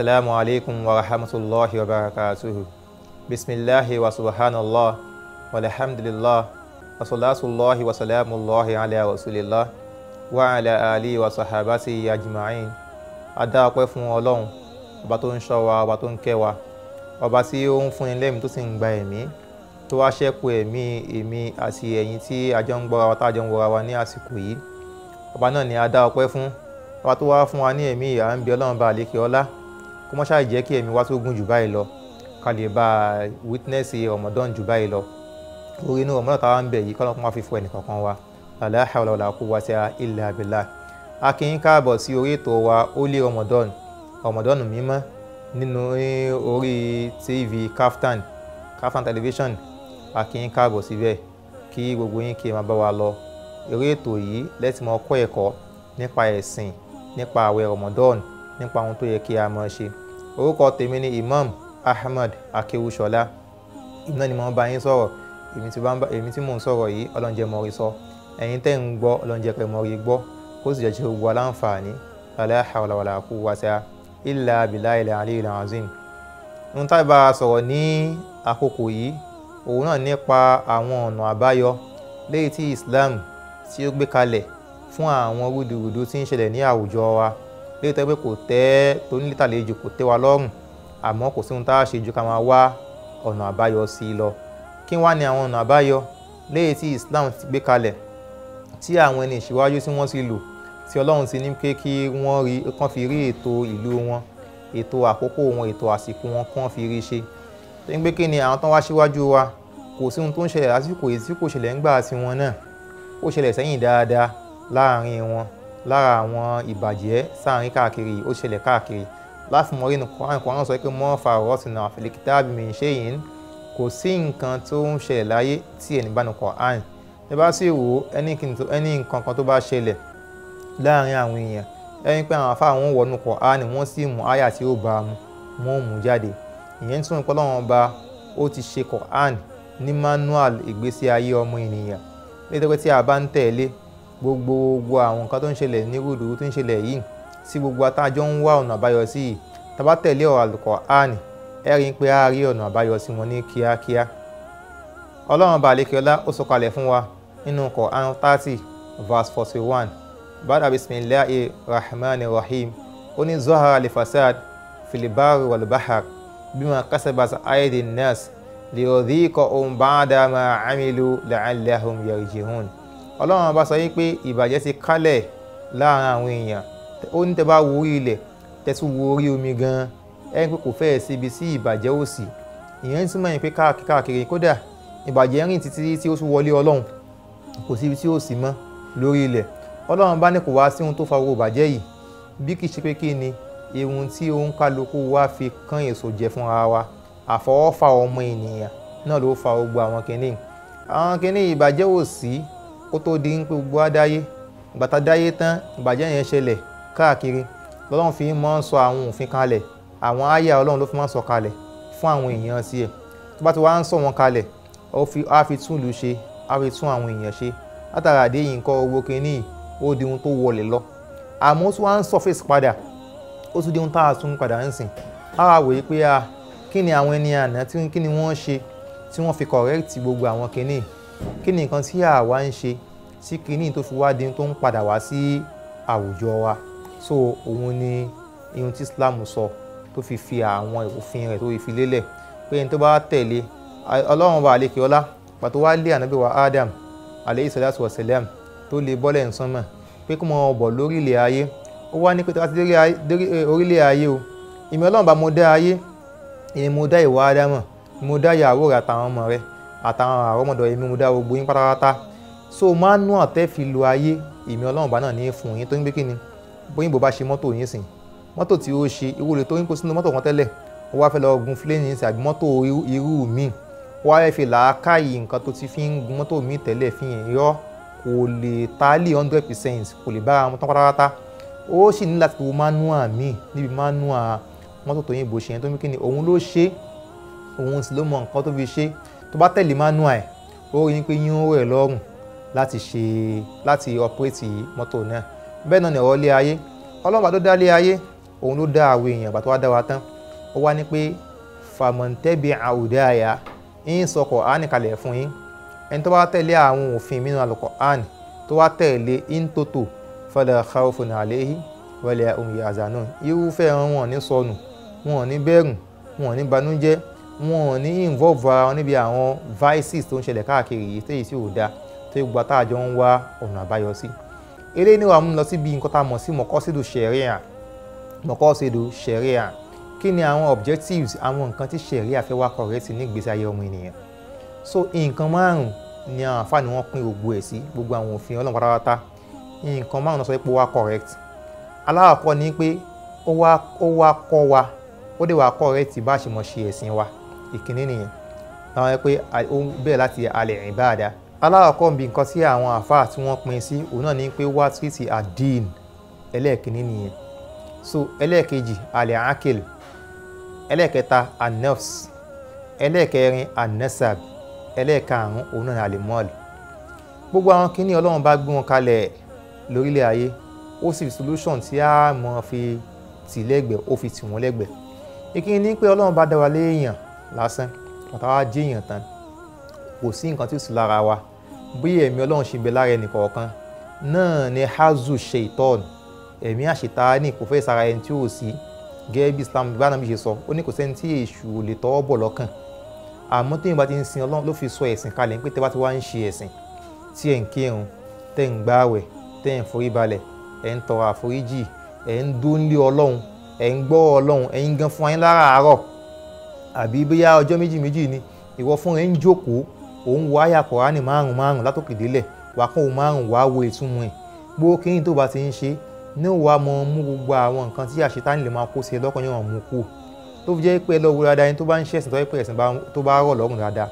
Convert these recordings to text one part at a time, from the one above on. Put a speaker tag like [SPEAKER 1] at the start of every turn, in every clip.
[SPEAKER 1] asalaamu aleykum wa rahmatulahi wa barakatuhu bisimilahi wa subhanallah walhamdulillah wasalaasulaahi wasalaamulaahi ala rasulillah wa ala alihi wa sahabasi ajma'in adáàpẹ́ fún ọlọ́run ọba tó ń ṣọ́ wa ọba tó ń kẹ́ wa ọba tí ó ń fún ni lẹ́mìí tó sì ń gba ẹ̀mí tó wá ṣẹ́kù ẹ̀mí èmi àti ẹ̀yin tí àjọ ń gbọ́ra wa tá àjọ ń wọra wa ní àsìkò yìí ọba náà ni adáàpẹ́ fún ọba tó wá fún wa ní ẹ̀mí ìyá ń bí ọlọ́run bá àlékè ọlá kó mọ́ ṣáà jẹ́ kí ẹ̀mí wa tó gùn jù báyìí lọ ká lè bá witness ọmọdán jù báyìí lọ orí inú ọmọdán táwa ń bẹ̀ yìí kọ́lọ́kọ́ máa fi fún ẹnìkankan wa la hawla wala quwwata illa billah a kí yín káàbọ̀ sí orí ètò wa ó lé ọmọdán ọmọdán mímọ́ nínú orí tv Kaftan Kaftan television a kí yín káàbọ̀ síbẹ̀ kí gbogbo yín kí ẹ máa bá wa lọ orí ètò yìí lẹ́tì mọ́ kọ́ ẹ̀kọ́ nípa ẹ̀sìn nípa àwẹ̀ ọmọdán nípa ohun tó yẹ kí a máa ṣe orúkọ tèmi ni Imam Ahmed Akewusola ìmúná ni mo bá yín sọ̀rọ̀ èmi tí mò ń sọ̀rọ̀ yìí ọlọ́njẹ́ mọ̀ rí sọ ẹ̀yin tẹ́ ń gbọ́ ọlọ́njẹ́ pẹ̀ mọ̀ gbọ́ kó sì jẹ́ ṣe gbogbo aláǹfààní la hawla wala quwwata illa billahil aliyyil azim. ń tábà sọ̀rọ̀ ní àkókò yìí òun náà nípa àwọn ọ̀nà àbáyọ léyìí tí Islam tí ó gbé kalẹ̀ fún àwọn rúdurùdu tí ń ṣẹlẹ̀ ní àwùjọ wa léyìí tó yẹ pé kò tẹ́ tónílétàlejò kò tẹ́ wa lọ́rùn àmọ́ kò sí ohun tá a ṣe ju ká máa wá ọ̀nà àbáyọ sí i lọ kí wá ní àwọn ọ̀nà àbáyọ léyìí tí Islam ti gbé kalẹ̀ tí àwọn ẹni ìṣíwájú tí wọ́n ti lò tí Ọlọ́run ti ní pé kí wọ́n rí kán fi rí ètò ìlú wọn ètò àkókò wọn ètò àsìkò wọn kán fi rí ṣe tó ń gbé kí ni àwọn tán wá síwájú wa kò sí ohun tó ń ṣẹlẹ̀ lásìkò èyí tí kò ṣẹlẹ̀ ńgbà tiwọn náà ó ṣẹlẹ̀ sẹ́yìn dáadáa láàrin wọn lára àwọn ìbàjẹ́ sáàrin káàkiri ó ṣẹlẹ̀ káàkiri láti mọ rínú Quran Quran sọ pé mọ́ fàrọ̀ sínú àfẹlẹ́kítà bìmí ṣé yìí kò sí nǹkan tó ń ṣẹlẹ̀ láyé tí ẹni bá nu Quran ẹ bá sì wò ó ẹni nǹkan kan tó bá ṣẹlẹ̀ láàrin àwọn èèyàn ẹni pé àwọn afáà wọn wọnú Quran wọ́n sì mú àyà tí ó bá mu wọ́n mú jáde ìyẹn tún ìpọ́n lọ́wọ́n ba ó ti ṣe Quran ní manual ìgbésí ayé ọmọ ènìyàn nítorí tí a bá ń tẹ̀lé gbogbo gbogbo àwọn nǹkan tó ń ṣẹlẹ̀ ní rúdurú tó ń ṣẹlẹ̀ yìí sí gbogbo atájọ́ ń wá ọ̀nà àbáyọ sí yìí tá bá tẹ̀lé ọ̀rọ̀ Al-Qur'an ẹ rí i pé a rí ọ̀nà àbáyọ sí wọn ní kíákíá ọlọ́run balẹ̀kíọ́lá ó sọ kalẹ̀ fún wa nínú Qur'an thirty verse forty one bada bisimilahi rahman rahim ó ní zahara alifasad filibari walbahar bima kasabas aidi nas liyodhika ohun ma amilu la'allahum yarjihun ọlọ́run bá sọ yí pé ìbàjẹ́ ti kálẹ̀ láàrin àwọn èèyàn ó ní tẹ́ bá wo orí ilẹ̀ tẹ́ tún wo orí omi gan-an ẹ̀ ń pé kò fẹ́ẹ̀ síbi sí ìbàjẹ́ òsì ìyẹn tún mọ̀ yín pé káàkiri káàkiri kódà ìbàjẹ́ rìn títí tí ó tún wọlé ọlọ́run kò síbi tí ó sì mọ́ lórí ilẹ̀ ọlọ́run bá ní kò wá sí ohun tó fa owó ìbàjẹ́ yìí bí kì í ṣe pé kí ni ewu tí òun kálukú wá fi kán èso jẹ fúnra wa àfọwọ́fà ọmọ ènìyàn náà ló fa gbogbo àwọn kìnnìún àwọn kìnnìún ìbàjẹ́ òsì kó tó di pé gbogbo á dáyé ìgbà tá a dáyé tán ìbàjẹ́ yẹn ṣẹlẹ̀ káàkiri lọ́lọ́run fi máa ń sọ àwọn òfin kalẹ̀ àwọn àyà ọlọ́run ló fi máa ń sọ kalẹ̀ fún àwọn èèyàn sí ẹ̀ tó bá ti wá ń sọ wọn kalẹ̀ á fi tún ìlú ṣe á fi tún àwọn èèyàn ṣe látara àdé yìí nǹkan owó kínní ó di ohun tó wọlé lọ àmọ́ ó tún wá ń surface padà ó tún di ohun tá a tún padà ń sìn á wà wòye pé ah, kí ni àwọn ẹni àná kí ni wọ́n ṣe tí wọ́n fi correct gbogbo àwọn kínní kí ni nǹkan tí àwa ń ṣe sí kínní tó fi wá di tó ń padà wá sí àwùjọ wa so òun ni ihun tí Islam sọ tó fi fi àwọn òfin rẹ̀ tó fi fi lélẹ̀ pé ẹni tó bá tẹ̀lé ọlọ́run bá àlekè ọlá pàtó wá lé ànábì wa Adam aleyhi salatu wa salam tó lè bọ́lẹ̀ ń sánmà pé kí wọ́n bọ̀ lórílẹ̀ ayé ó wá ní pé tó bá ti dé orílẹ̀ ayé o ìmọ̀ ọlọ́run bá mo dá ayé ìyẹn mo dá ìwà Ádámọ̀ mo dá ìyàwó rẹ̀ àtàwọn ọmọ rẹ̀ àtàwọn àrọ́mọdọ̀ èmi mo dá gbogbo pátápátá so manual tẹ́ fi lo ayé èmi ọlọ́run bá náà ní fún yín tó ń gbé kíni bóyìnbó bá ṣe mọ́tò yín sìn mọ́tò tí ó ṣe ìwúlò tó ń kó sínú mọ́tò kan tẹ́lẹ̀ ó wá fẹ́ lọ gun fúlẹ́ẹ̀nì yín sìn àbí mọ́tò irú mi wá fẹ́ fi làákàyè nǹkan tó ti fi ń gun mọ́tò mi tẹ́lẹ̀ fi hàn yọ kò lè tálì hundred percent kò lè bára wọn tán pátápátá ó sì ní láti wo manual mi níbi manual mọ́tò tó yìnbó ṣe yẹn tó ń gbé kíni òun ló ṣe òun sì ló mọ nǹkan tó fi ṣe tó bá tẹ̀lé manual ẹ̀ ó rí i pé yín ó rẹ̀ lọ́rùn láti ṣe láti ọpẹ́rẹ́tì mọ́tò náà bẹ́ẹ̀ náà nìrọ̀ lé ayé ọlọ́run bá tó dá lé ayé òun ló dá àwọn èèyàn bá tó wá dá wa tán ó wá ní pé fàmọ̀ntẹ́bi àwùdá àyà yín sọ Kùránì kalẹ̀ fún yín ẹni tó bá tẹ̀lé àwọn òfin mìíràn Al-Kùránì tó wá tẹ̀lé ìntòtò fala khawfun alayhi wala hum yahzanun irúfẹ́ wọn ní sọnù wọn ní bẹ̀rù wọn ní banújẹ́ wọn ò ní involve ara wọn níbi àwọn vices tó ń ṣẹlẹ̀ káàkiri yìí téyì sí ò da tó yẹ gbogbo àtàjọ ń wá ọ̀nà àbáyọ sí eléyìí ni wàá mú lọ síbi nǹkan tá a mọ̀ sí mọ̀kọ́sídù ṣẹ̀ríà mọ̀kọ́sídù ṣẹ̀ríà kí ni àwọn objectives àwọn nǹkan tí ṣẹ̀ríà fẹ́ wá kọ̀rẹ́tì ní ìgbésí ayé ọmọ ènìyàn so nǹkan márùn ni àwọn àǹfààní wọn pín gbogbo ẹ̀ sí gbogbo àwọn òfin ọlọ́run pátápátá nǹkan márùn-ún sọ pé ó wá correct alákọ̀ọ́kọ́ ni kọ́ wa ó correct bá a ṣe mọ̀ ṣe ẹ̀sìn wa ìkíní nìyẹn àwọn pé ó ń bẹ̀rẹ̀ láti alẹ̀ ìbáàdá alákọ̀ọ́kọ́ bí nǹkan tí àwọn àfáà tí wọ́n pín sí òun náà ní pé wá tírìtì àdín ẹlẹ́ẹ̀kíní nìyẹn so ẹlẹ́ẹ̀kejì alẹ̀ akil ẹlẹ́ẹ̀kẹta anefs ẹlẹ́ẹ̀kẹrin anesab ẹlẹ́ẹ̀karùn òun náà ní gbogbo àwọn kíní ọlọ́run bá gbé wọn kalẹ̀ lórílẹ̀ ayé ó sì fi solution tí a mọ̀ fi tì lẹ́gbẹ̀ẹ́ ó fi tì wọ́n lẹ́gbẹ̀ẹ́ ìkíni ní pé ọlọ́run bá dá léèyàn lásán bàtà wa jíyàn tán kò sí nǹkan tí ó sì lára wa bí ẹ̀mí ọlọ́run ṣe bẹ lára ẹnìkọ̀ọ̀kan náà ni hazu shaitan ẹ̀mí àṣetáni kò fẹ́ sára ẹni tí ò sí gẹ́gẹ́ Islam bá nàbí ṣe sọ ó ní kò sẹ́ni tí èṣù ò lè tọ́wọ́ bọ̀ lọ́kàn àmọ́ tó yẹn bá ti ń sin ọlọ́run ló fi sọ ẹ̀sìn kalẹ̀ pé tẹ́ bá ti wá ń ṣe ẹ̀sìn tí ẹ̀ ń kírun tẹ́ ń gbààwẹ̀ tẹ́ ń forí balẹ̀ ẹ̀ ń tọrọ àforíjì ẹ̀ ń dúnlé ọlọ́run ẹ̀ ń gbọ́ ọlọ́run ẹ̀ ń gan fún ayé láràárọ̀ àbí bóyá ọjọ́ méjì méjì ni ìwọ fún rẹ ń jókòó òun wọ àyà kọ̀ránì márùn márùn látòkè délẹ̀ wà kàn ó márùn wàá wo ìtumọ̀ ẹ̀ gbogbo kéyìn tó bá ti ń ṣe ní wàá mọ mú gbogbo àwọn nǹkan tí àṣetánì lè máa kó sí ẹ lọ́kàn yóò mú kú tó fi jẹ́ pé ẹ lọ wo dáadáa ẹni tó bá ń ṣẹ̀sìn tó yẹ pé ẹ̀sìn tó bá rọ̀ lọ́rùn dáadáa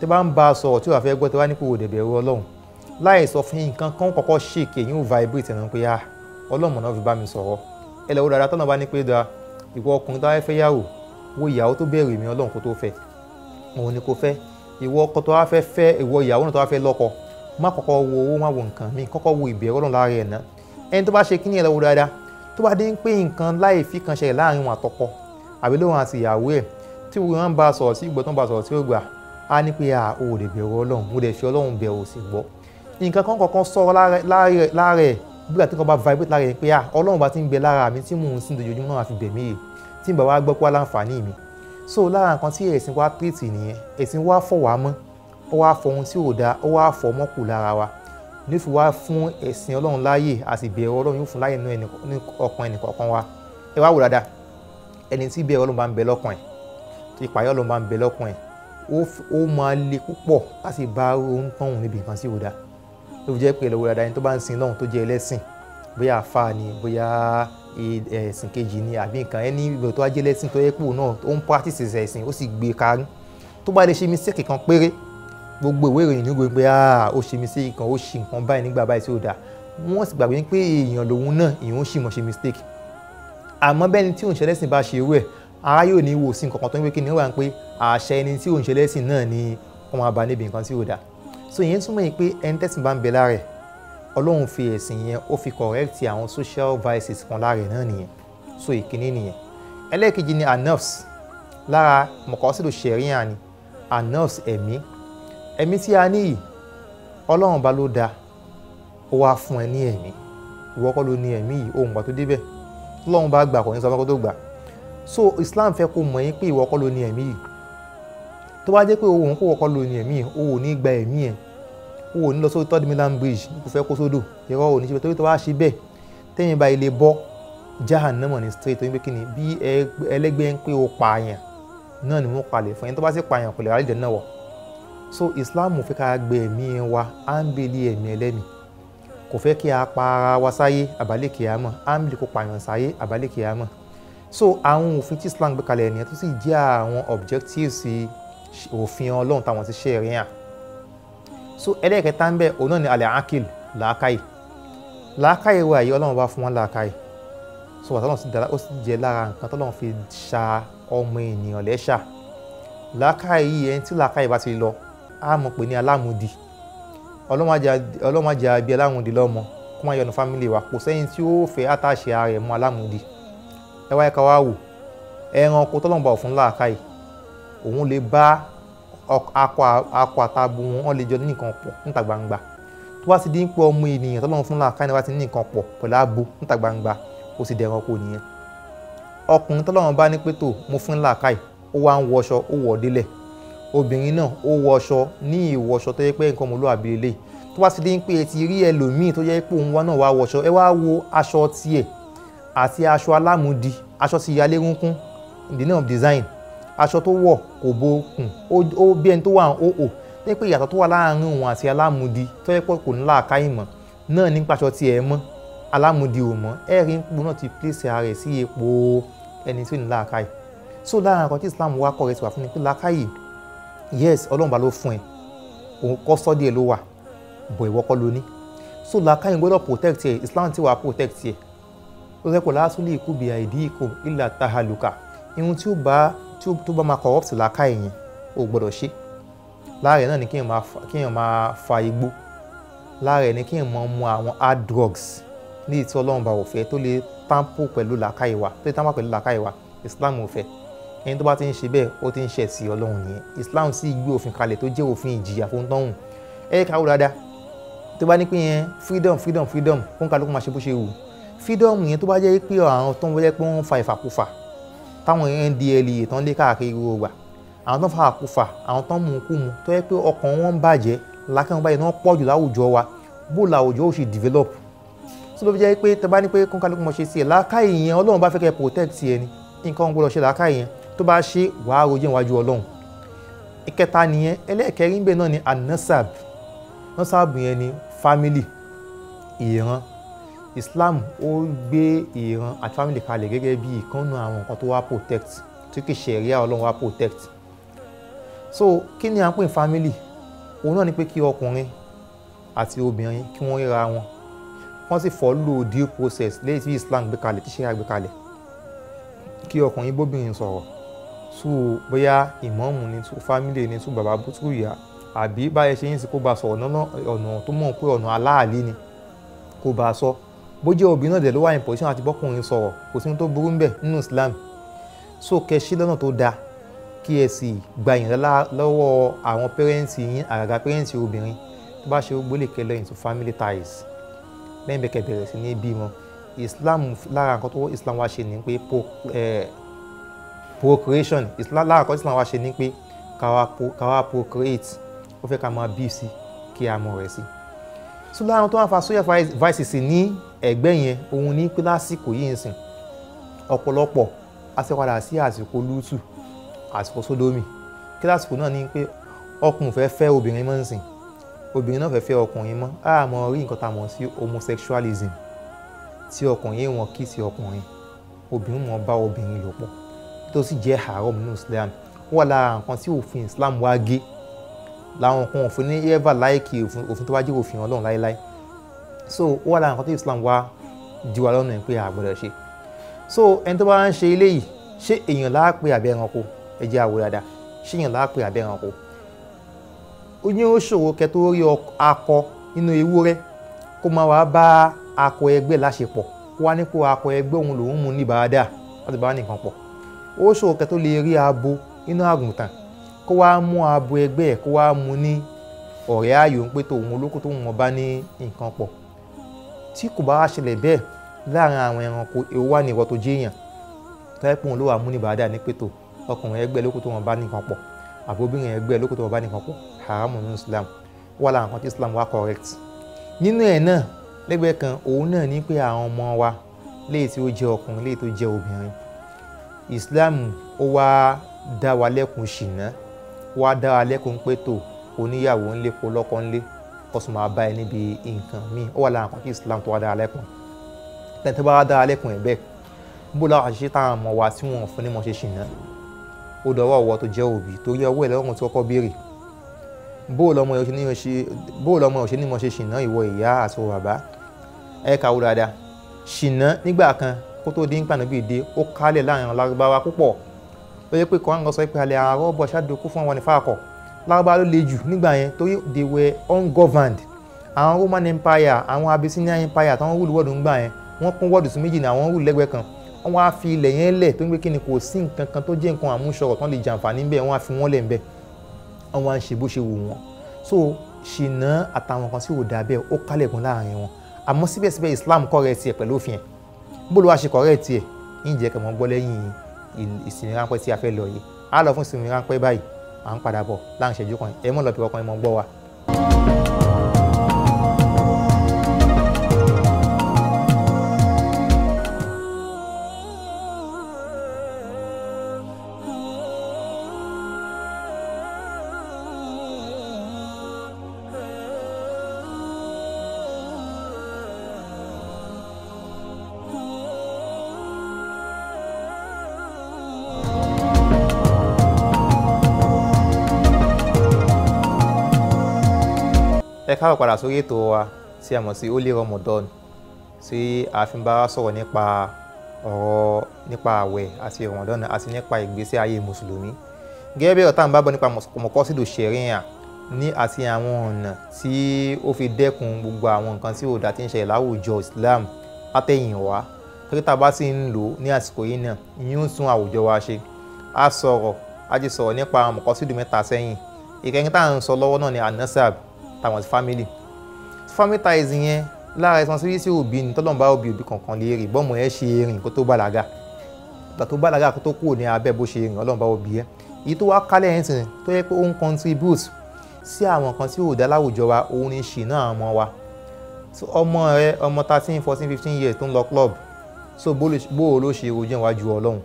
[SPEAKER 1] tó bá ń ba sọ̀rọ̀ tí ò bá fẹ́ gbọ́ tó bá ní kó o dẹ̀bẹ̀ ẹ̀rọ ọlọ́run láì sọ fún yín nǹkan kan kọ́kọ́ ṣèké e, yín ò vibrate ẹ̀nà pé ah ọlọ́mọ náà fi bá mi sọ̀rọ̀ ẹ lọ wo dáadáa tọ́nà bá ní pé da ìwọ ọkùnrin tó bá fẹ́ yàwó wo ìyàwó tó bẹ̀rù mi ọlọ́run kó tó fẹ́ òun ni kò fẹ́ ìwọ ọkọ tó wá fẹ́ fẹ́ ìwọ ìyàwó náà tó wá fẹ́ lọ́kọ má kọ́kọ́ wo owó má wo nǹkan mi kọ́kọ́ wo ìbẹ̀rù ọlọ́run lára ẹ̀ náà ẹni tó bá ṣe kíní ẹ̀ lọ́wọ́ dáadáa tó bá dé ń pé nǹkan láì fi kan ṣẹlẹ̀ láàrin wọn àtọkọ àbí lóhun àti ìyàwó ẹ̀ tí wọ́n bá sọ̀rọ̀ sí ìgbọ́ tó ń bá sọ̀rọ̀ sí gbọ́ tí bàbá wa gbọ́ pé wà láǹfààní mi so lára nǹkan tí ẹ̀sìn wa pírìtì nìyẹn ẹ̀sìn wa fọ̀ wá mọ́ ó wá fọ ohun tí ò dáa ó wá fọ ọmọ kù lára wa nífi wá fún ẹ̀sìn ọlọ́run láàyè àti ìbẹ̀rù ọlọ́run yóò fún láàyè ní ọkàn ẹnìkọ̀ọ̀kan wa ẹ wá wò dáadáa ẹni tí ìbẹ̀rù ọlọ́run bá ń bẹ lọ́kàn ẹ̀ tí ìpàyà ọlọ́run bá ń bẹ lọ́kàn ẹ̀ ó máa le púpọ̀ láti bá ohun tọ́hún níbi nǹkan tí ò dáa ló fi jẹ́ pé ẹ lọ wò dáadáa ẹni tó bá ń sin lọ́hún tó jẹ́ ẹlẹ́sìn bóyá àfáà ni bóyá ẹ̀sìn kejì ni àbí nǹkan ẹni ìgbà tó ajé lẹ́sìn tó yẹ pò náà ó ń practice ẹ̀sìn ó sì gbé kárí tó bá lè ṣe mistake kan péré gbogbo ìwé ìròyìn ní gbogbo ah ó ṣe mistake kan ó ṣe nǹkan báyìí nígbà báyìí tí ó dà wọ́n sì gbàgbé pé èèyàn lòun náà èèyàn ó sì mọ̀ ṣe mistake àmọ́ bẹ́ni tí òǹṣẹ́lẹ́sìn bá ṣe irú ẹ̀ ara yóò ní ìwòsàn kankan tó ń wé kí ni wà ń pé àṣẹ ẹni tí òǹṣẹ́lẹ́sìn náà ni wọ́n máa bá níbi nǹkan tí ó dà so ìyẹn túmọ̀ yìí pé ẹni tẹ́sìn bá ń bẹ lára ẹ̀ ọlọ́run fi ẹ̀sìn yẹn ó fi correct àwọn social vices kan lára ẹ̀ náà nìyẹn so ìkíní nìyẹn ẹlẹ́ẹ̀kejì ni anafs lára mọ̀kọ́sílù ṣẹ̀ríà ni anafs ẹ̀mí ẹ̀mí tí a ní yìí ọlọ́run bá ló da ó wá fún ẹ ní ẹ̀mí ìwọ kọ́ ló ní ẹ̀mí yìí ohun gbà tó débẹ̀ ọlọ́run bá gbà kò ní sọ fún tó gbà so islam fẹ́ kó mọ̀ yín pé ìwọ kọ́ ló ní ẹ̀mí yìí tó bá jẹ́ pé òun kó wọ́kọ́ ló ní ẹ̀mí yìí òun ò ní gba ẹ̀mí yẹn wò ní lọ sórí third mainland bridge kò fẹ́ kó sódò ìrọ̀ ò ní ṣe bẹ́ẹ̀ torí tó bá ṣe bẹ́ẹ̀ tẹ́yìn bá ilé bọ́ jahannama ní straight torí pé kí ni bí ẹlẹ́gbẹ́ ń pé o pààyàn náà ni wọ́n palẹ̀ fún yẹn tó bá sì pààyàn kò lè ráàlì jẹ́nà wọ̀ so islam fẹ́ ká gbé ẹ̀mí wa á ń bèlè ẹ̀mí ẹlẹ́mìí kò fẹ́ kí a pa ara wa sáyé àbálẹ̀ kìámọ̀ á ń bèlè kó pààyàn sáyé àbálẹ̀ kìámọ̀ so àwọn òfin tí islam gbé kalẹ̀ nìyẹn tó sì jẹ́ àwọn objectives òfin ọlọ́run táwọn ti ṣe rìn hàn so ẹlẹ́ẹ̀kẹta ń bẹ òun náà ni alẹ́ akil làákàyè làákàyè wa yìí ọlọ́run bá fún wọn làákàyè so wàtí ọlọ́run sì dára ó sì jẹ́ lára nǹkan tọ́lọ́run fi ṣà ọmọ ènìyàn lẹ́ṣà làákàyè yìí ẹni tí làákàyè bá ti lọ á mọ̀ pé ní alámùdí ọlọ́run má jẹ́ àbí alámùdí lọ́mọ kó má yọnu fámìlì wa kò sẹ́yìn tí ó fẹ́ àtàṣe ara ẹ̀ mọ́ alámùdí ẹ wáyé ká wá wò ẹranko tọ́lọ́run bá ò fún làákàyè òun lè bá akọ akọ àtàbù wọn wọn lè jọ ní nǹkan pọ̀ níta gbangba tó bá ti di pé ọmọ ènìyàn tọ́lọ́run fúnra káyọ̀ bá ti ní nǹkan pọ̀ pẹ̀lú abo níta gbangba ó sì dẹran kò nìyẹn ọkùnrin tọ́lọ́run bá ní pé tó mo fún làákàyè ó wá ń wọṣọ ó wọ̀ délẹ̀ obìnrin náà ó wọṣọ ní ìwọṣọ tó yẹ pé nǹkan ọmọlúwàbí lélẹ̀ tó bá ti di pé ẹ ti rí ẹlòmíì tó yẹ pé òun wá náà wá wọṣọ ẹ wá wo aṣọ tiẹ̀ àti aṣọ alámùdí aṣọ ti yalé rúnkún the name of design aṣọ tó wọ̀ kò bo okùn hmm. ó bí ẹni tó wà ń hòhò tẹ́ pé ìyàtọ̀ tó wà láàrin òun àti alámùdí tó yẹ pé kò ní làákà ìmọ̀ náà nípa aṣọ tiẹ̀ mọ́ alámùdí ò mọ́ ẹ̀rí ń pò náà ti pèsè ara rẹ̀ sí epo ẹni tí ní làákà yìí so lára nǹkan Islam wá kọ̀ rẹ̀ ti wà fún ni pé làákà yìí yes Ọlọ́run bá ló fún ẹ òun kọ́ sọ́dí ẹ ló wà bọ̀ ìwọ kọ́ ló so làákà yìí gbọ́dọ̀ protect ẹ Islam ti wà protect ẹ ó rẹ́pọ̀ lásùlẹ̀ ikú bíi àìdí ikú ìlà tahaluka irun tí ó bá tó bá máa corrupt làákà èèyàn ò gbọ́dọ̀ ṣe láàrẹ̀ náà ni kéèyàn máa kéèyàn máa fa igbó láàrẹ̀ ni kéèyàn máa mu àwọn hard drugs ní ìtí ọlọ́run bá ò fẹ́ tó lè tampo pẹ̀lú làákà ìwà tó lè tampo pẹ̀lú làákà ìwà Islam ò fẹ́ ẹni tó bá ti ń ṣe bẹ́ẹ̀ ó ti ń ṣẹ̀ sí ọlọ́run nìyẹn Islam sì gbé òfin kalẹ̀ tó jẹ́ òfin ìjìyà fún tọ́hún ẹ̀ káwó dáadáa tó bá ní pé yẹn freedom freedom freedom fún kálukú máa ṣe bó ṣe wù freedom yẹn tó bá jẹ́ pé àwọn tó ń wọlé pé wọ́n fa ìfàkùfà táwọn NDLEA tán lé káàkiri gbogbo gbà àwọn tó ń fa àkúfà àwọn tó ń mú kú mu tó yẹ pé ọkàn wọn ń bàjẹ́ làákàn wọn báyìí náà pọ̀ jù láwùjọ wa bó làwùjọ ó ṣe develop tó ló fi jẹ́ pé tó bá ní pé kọ́ńkálùkù mọ̀ ṣe sí ẹ̀ làákàyè yẹn ọlọ́run bá fẹ́ kẹ́ protect ẹ ni nǹkan wọn gbọ́dọ̀ ṣe làákàyè yẹn tó bá ṣe wàá rojẹ́ iwájú ọlọ́run ìkẹta nìyẹn ẹlẹ́ẹ̀kẹrin bẹ́ẹ̀ náà ni anasab nasab yẹn ni family ìran Islam ó gbé ìran àti family kalẹ̀ gẹ́gẹ́ bí ìkànnù àwọn nǹkan tó wá protect tí kì í ṣẹ̀ríà ọlọ́run wá protect so kí ni à ń pè ní family òun náà ni pé kí ọkùnrin àti obìnrin kí wọ́n ríra wọn wọ́n sì follow due process lẹ́yìn tí Islam gbé kalẹ̀ tí ṣẹ̀ríà gbé kalẹ̀ kí ọkùnrin bóbìnrin sọ̀rọ̀ tú bóyá ìmọ̀ọ́mù ni tú family ni tú bàbá tú ìyá àbí báyẹn ṣe yín sí kó bá sọ ọ̀nà tó mọ̀ pé ọ̀nà aláàlí ni kó bá sọ. So bó jẹ́ obìnrin náà dẹ̀ ló wà ní pòsíṣàn àti bọ́kùnrin sọ̀rọ̀ kò sí ohun tó burú ńbẹ̀ nínú Islam so kẹ́ ṣe lọ́nà tó dáa kí ẹ sì gba ìrànlá lọ́wọ́ àwọn pẹ́rẹ́ǹtì yín àgàgà pẹ́rẹ́ǹtì obìnrin tó bá ṣe gbólè kẹlẹ́ into family ties lẹ́yìn bẹ́ẹ̀ kẹ́ bẹ̀rẹ̀ sí ní bímọ Islam lára nǹkan tó Islam wá ṣe ni pé procreation Islam lára nǹkan tó Islam wá ṣe ni pé ká procreate ó fẹ́ ká máa bí sí kí a mọ̀ rẹ̀ sí. so lára wọn tó wá fa social vices ní ẹ̀gbẹ́ yẹn òun ní pé lásìkò yìí ń sìn ọ̀pọ̀lọpọ̀ aṣèpadà sí àsìkò lútù àsìkò sódómì kí lásìkò náà ní pé ọkùnrin fẹ́ fẹ́ obìnrin mọ́ ń sìn obìnrin náà fẹ́ fẹ́ ọkùnrin mọ́ àmọ́ rí nǹkan tá a mọ̀ sí homosexualism tí ọkùnrin yìí wọn kì í sí ọkùnrin obìnrin wọn bá obìnrin lò pọ̀ tó sì jẹ́ haram nínú Islam wọ́n lára nǹkan tí òfin Islam wá gé làwọn kan òfin ní ever láìkì òfin tó bá jẹ́ òfin Ọlọ́run láéláé so ó wà lára nǹkan tí Islam wá di wa lọ́nà pé a gbọ́dọ̀ ṣe so ẹni tó bá ń ṣe eléyìí ṣé èèyàn láàpè àbí ẹranko ẹ jẹ́ àwòrán dáadáa ṣé èèyàn láàpè àbí ẹranko ó ní ó ṣòro kẹtó rí akọ nínú ewúrẹ́ kó máa wá bá akọ ẹgbẹ́ láṣepọ̀ kó wá nípò akọ ẹgbẹ́ òun lòún mú ní bàádà láti bá nìkan pọ̀ ó ṣòro kẹtó lè rí abo nínú àgùntàn kó wá mú abo ẹgbẹ́ kó wá mú ní ọ̀rẹ́ ààyò ń pé tòun olóko tóun wọn bá ní nǹkan pọ̀ tí kò bá ṣẹlẹ̀ bẹ́ẹ̀ láàrin àwọn ẹranko èwo wà ní ìwọ tó jẹ́ èèyàn tẹ́pọ̀n ló wà mú ní bàdà ní pẹ̀tọ́ ọkùnrin ẹgbẹ́ lókùtò wọn bá nìkan pọ̀ àbóbìnrin ẹgbẹ́ lókùtò wọn bá nìkan pọ̀ haram ní Islam wà láwọn kan tí Islam wà correct nínú ẹ̀ náà lẹ́gbẹ̀ẹ́ kan òun náà ní pé àwọn ọmọ wa léyìí tí ó jẹ́ ọkùnrin léyìí tó jẹ́ obìnrin Islam ó wá dá wa lẹ́kùn ṣìnà wá dá wa lẹ́kùn pẹ̀tọ́ oníyàwó ńlé polọ́kọ́ ńlé ọ̀sùn máa bá ẹ níbi nǹkan míì ó wà lára nǹkan kí Islam tó wá dára lẹ́kùn tẹ́ni tó bá wá dára lẹ́kùn ẹ̀ bẹ́ẹ̀ bó láwọn àṣìṣe táwọn ọmọ wa tí wọn fún ní mọ̀ ṣe ṣìnà ó dọwọ́ ọ̀wọ́ tó jẹ́ òbí torí ọwọ́ ìlọ́run tí kọ́kọ́ béèrè bó lọmọ ẹ̀ ṣe ní mọ̀ ṣe ṣìnà ìwọ ìyá àti bàbá ẹ kàwó dáadáa ṣìnà nígbà kan kó tó dín pàánù bíi dé ó kálẹ̀ láàrin Lárúbáwá púpọ̀ ó pé kọ́ńgọ́ sọ pé alẹ́ àárọ̀ bọ̀ ṣáàdùkú fún àwọn lárúbá ló le jù nígbà yẹn torí they were ungoverned àwọn roman empire àwọn abyssinian empire táwọn rúlù wọ́ọ̀dù ńgbà yẹn wọ́n pín wọ́ọ̀dù sí méjì ní àwọn rúlù lẹ́gbẹ̀ẹ́ kan wọ́n wá fi ilẹ̀ yẹn lẹ̀ tó ń gbé kí ni kò sí nǹkan kan tó jẹ́ nǹkan àmúṣọrọ̀ tán lè jàǹfààní bẹ́ẹ̀ wọ́n á fi wọ́n lẹ̀ bẹ́ẹ̀ wọ́n wá ń ṣe bó ṣe wù wọ́n so ṣìnà àtàwọn kan sì ò bẹ́ẹ̀ ó kálẹ̀kùn láàrin wọn àmọ́ síbẹ̀síbẹ̀ Islam correct tiẹ̀ pẹ̀lú òfin ẹ̀ bó ló wá ṣe correct tiẹ̀ yín jẹ́ kẹ́ gbọ́ lẹ́yìn ìsinmi ráńpẹ́ tí a fẹ́ lọ yìí á lọ fún ìsinmi ráńpẹ́ báyìí à ń padà bọ̀ láǹṣẹ́jú kan ẹ mọ̀ lọ́ọ́ bí mọ̀ gbọ́ wa. káwọ̀ padà sórí ètò wa tí a mọ̀ sí Holy Ramadan tí a fi ń bá sọ̀rọ̀ nípa ọ̀rọ̀ nípa àwẹ̀ àti Ramadan àti nípa ìgbésí ayé mùsùlùmí gẹ́gẹ́ bí ọ̀tá ń bá bọ̀ nípa mọ̀kọ́sídò ṣẹ̀ríà ní àti àwọn ọ̀nà tí ó fi dẹ́kun gbogbo àwọn nǹkan tí òdà ti ń ṣẹlẹ̀ láwùjọ Islam látẹ̀yìnwá torí tá a bá sì ń lò ní àsìkò yìí náà yóò tún àwùjọ wa ṣe a sọ̀rọ̀ a ti sọ̀rọ̀ nípa mọ̀kọ́sídò mẹ́ta sẹ́yìn ìkẹyìn tá à ń sọ lọ́wọ́ náà ni anasab táwọn family family ties yẹn lára responsibility òbí ni tọ́lọ́mùbá òbí òbí kankan lè rìn bọ́ọ̀mù ẹ ṣe rìn kó tó bàlágà ìgbà tó bàlágà kó tó kúrò ní abẹ́ bó ṣe rìn ọlọ́mùbá òbí ẹ èyí tó wá kálẹ̀ ẹ̀ sìn tó yẹ pé ó ń contribute sí àwọn nǹkan tí ò dá láwùjọ wa òun ni ṣì náà ọmọ wa ọmọ rẹ ọmọ thirteen fourteen fifteen years tó ń lọ club so bóò ló ṣe ojú ìwájú ọlọ́run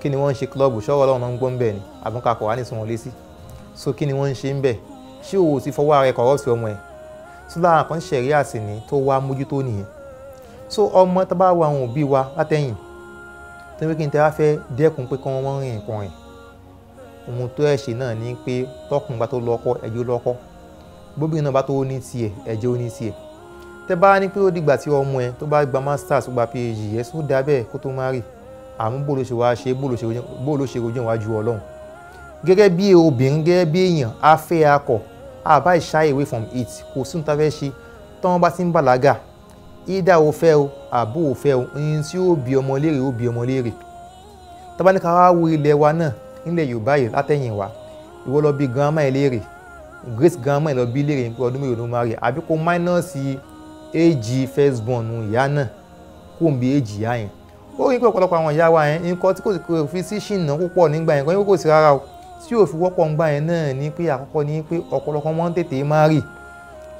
[SPEAKER 1] kí ni wọ́n ń ṣe club ṣọ́wọ́ ọlọ́run náà ń gbọ́ ń bẹ̀ ni àbúkakọ̀ wá nìsọ̀rọ̀ lé sí so kí ni wọ́n ń ṣe ń bẹ̀ ṣé o ò fọwọ́ ara ẹ corrupt ọmọ ẹ so lára kan ṣẹ̀ríà sì ni tó wá mójútó nìyẹn so ọmọ tá bá wà àwọn òbí wa látẹ̀yìn tó ń pè kí n tẹ́ wá fẹ́ dẹ́kun pé kán wọ́n rìn nǹkan rìn ohun tó ẹ̀ ṣe náà ni pé tọkùn bá tó lọ́kọ ẹ̀jẹ̀ ó lọ́kọ gbóbìnrin náà bá tó ní tiẹ̀ ẹ̀jẹ̀ ó ní tiẹ̀ tẹ́ bá ní pé ó dìgbà tí ọmọ ẹ tó bá gba masters gba phd ẹ sọ dá bẹ́ẹ̀ kó tó má rì àmú bó ló ṣe wá ṣe bó ló ṣe rojú àbá shy away from it kò sí ohun tá a fẹ́ ṣe tí wọ́n bá ti ń bàlágà ìdá o fẹ́ o àbó o fẹ́ o ohun tí ó bí ọmọ léèrè ó bí ọmọ léèrè tá bá ní ká wá wo ilẹ̀ wa náà nílẹ̀ Yorùbá yìí látẹ̀yìn wa ìwọ lọ bí grandma ẹ̀ léèrè great grandma ẹ̀ lọ bí léèrè nípa ọdún mélòó ló máa rè àbí kó mínọ́ọ̀sì éèjì first born ìyá náà kó n bí éèjì ìyá yẹn ó rí pé ọ̀pọ̀lọpọ̀ àwọn ìyá wa yẹn nǹkan tí kò fi sí ṣìnà púpọ̀ nígbà yẹn kò ní kò sí rárá o tí ò fi wọ́pọ̀ ń gbà yẹn náà ni pé àkọ́kọ́ ni pé ọ̀pọ̀lọpọ̀ wọn tètè máa rì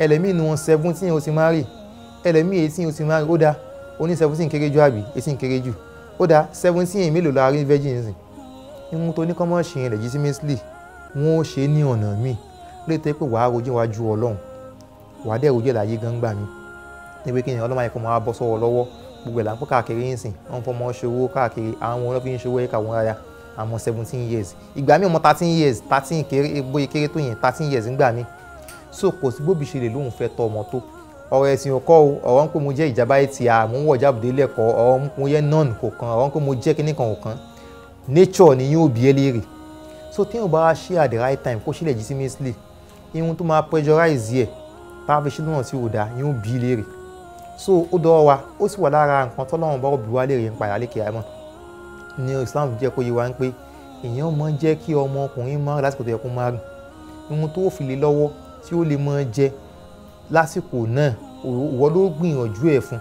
[SPEAKER 1] ẹlẹ́mìí nu wọn seventeen ó ti máa rì ẹlẹ́mìí eighteen ó ti máa rì ó dáa oní seventeen kéré ju àbí eighteen kéré ju ó dáa seventeen mélòó la rí virgin sìn irun tó ní kọ́mọ́ ṣe yẹn legitimately wọn ó ṣe ní ọ̀nà míì létò pé wàá rojú wájú ọlọ́run wàá dẹ̀ rojú ẹ̀láyé gangba mi níbi kí èèyàn ọlọ́mọ ayẹ̀kọ́ máa bọ́ sọ́wọ́ lọ́wọ́ gbogbo ẹ̀ là ń pọ́ káàkiri yín sìn wọ́n fọmọ ṣòwò káàkiri àwọn ọlọ́fin ṣòwò ẹ̀ka wọn rárá àmọ́ seventeen years ìgbà míì ọmọ thirteen years thirteen kéré bóyá kéré tó yẹn thirteen years ńgbà míì so kò sí bóbi ṣe lè lóun fẹ́ tọ ọmọ tó ọ̀rọ̀ ẹ̀sìn òkọ́ o ọ̀rọ̀ ń pè mo jẹ́ ìjàmbá etí a mò ń wọ̀ jábùdé lẹ́kọ̀ọ́ ọ̀rọ̀ ń pè mo jẹ́ nọ́ọ̀n kò kan ọ̀rọ̀ ń pè mo jẹ́ kíní kan kò kan nature ni yóò bí ẹ léèrè so tí yóò bá wá ṣe at the right time kó ṣe legitimately irun tó máa pressurize ẹ̀ tá a fi ṣe lọ́nà tí ò dáa yóò bí léèrè so ó dọ́ wa ó sì wà lára nǹkan tọ́lọ́run bá wọ́n bí wá léèrè ń padà lékè àmọ́ ni Islam jẹ́ kó yé wa pé èèyàn máa ń jẹ́ kí ọmọ ọkùnrin máa lásìkò tó yẹ kó máa rìn ohun tó fi lè lọ́wọ́ tí ó lè máa jẹ lásìkò náà òwò ló gbìyànjú ẹ̀ fún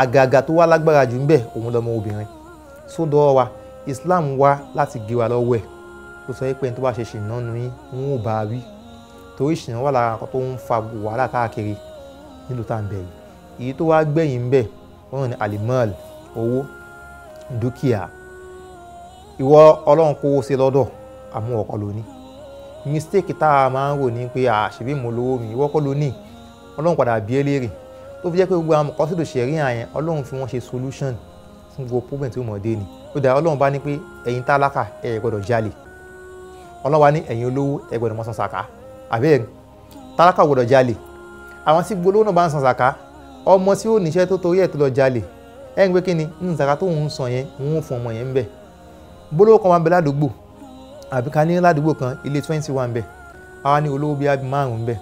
[SPEAKER 1] àgàgà tó wá lágbára jù ń bẹ̀ òun lọ́mọ obìnrin sódò wa Islam wá láti gé wa lọ́wọ́ ẹ̀ ó sọ pé ẹni tó bá ṣe ṣìnà nu yín wọn ò bá a wí torí ṣìnà wà lára tó ń fa wàhálà káàkiri nílùú tá à ń bẹ̀ èyí tó wá gbẹ̀yìn ń bẹ̀ wọn ni alimọ́ọ̀lì owó dúkìá ìwọ ọlọ́run kó o ṣe lọ́dọ̀ àmú ọkọ lóní mistake tá a máa ń rò ní pé àṣìbí mo lówó mi ìwọ kọ́ lóní ọlọ́run padà bí ẹ léèrè tó fi jẹ́ pé gbogbo àwọn kọ́sídò ṣẹ̀rí àyẹn ọlọ́run fi wọ́n ṣe solution fún gbogbo problem tí ó mọ̀ dé ni ó dà ọlọ́run bá ní pé ẹ̀yin tálákà ẹ̀ gbọ́dọ̀ jalè ọlọ́run wá ní ẹ̀yin olówó ẹ̀ gbọ́dọ̀ mọ́ san sàká àbẹ́ẹ̀ tálákà gbọ́dọ̀ jalè àwọn tí gbogbo náà bá ń san sàká ọmọ tí ó níṣẹ́ tó torí ẹ̀ tó lọ jalè ẹ̀ ń gbé kí ni ní sàká tó ń san yẹn ń fún ọmọ yẹn ń bẹ́ẹ̀ bólówó kan wà ń bẹ ládùúgbò àbí ká ní ládùúgbò kan ilé twenty wà ń bẹ àwa ní olówó bíi márùn-ún ń bẹ